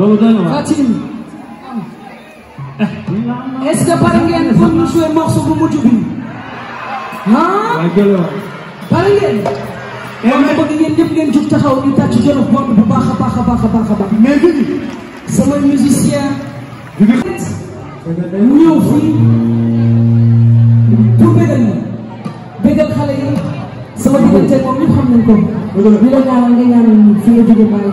loolu doy na waar Fatim. est-ce que pare ngeen pour ñu jouer morceau bu mujj bi. ah. waaw jëloon waay. pare ngeen. kon eh, nag bëgg ngeen ñëpp ngeen jug taxaw ñu tàcc jolof boobu bu baax a baax a baax a baax a baax. mais bii. sama musicien. ñëw fii. pour bégal ma. bégal xale yi. sama diggante moom ñëpp xam nañ ko. ñu la ñaanal nga ñaanal fii nga jóge bàyyi.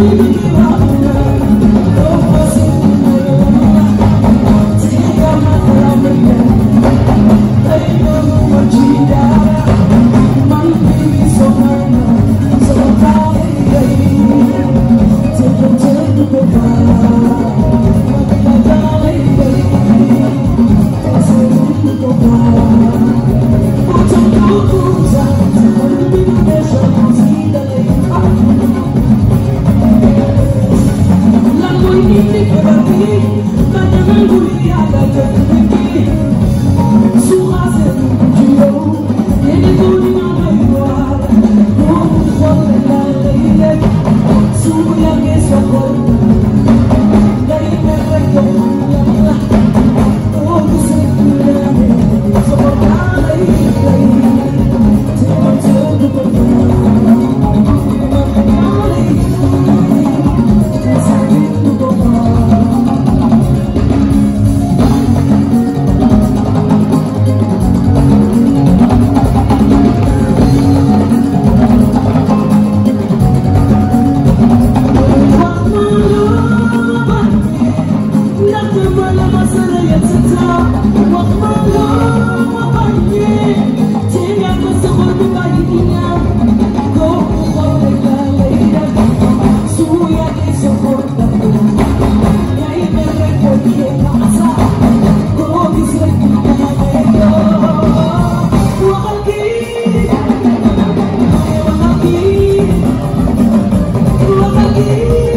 Thank you. ¡Suscríbete que canal! day.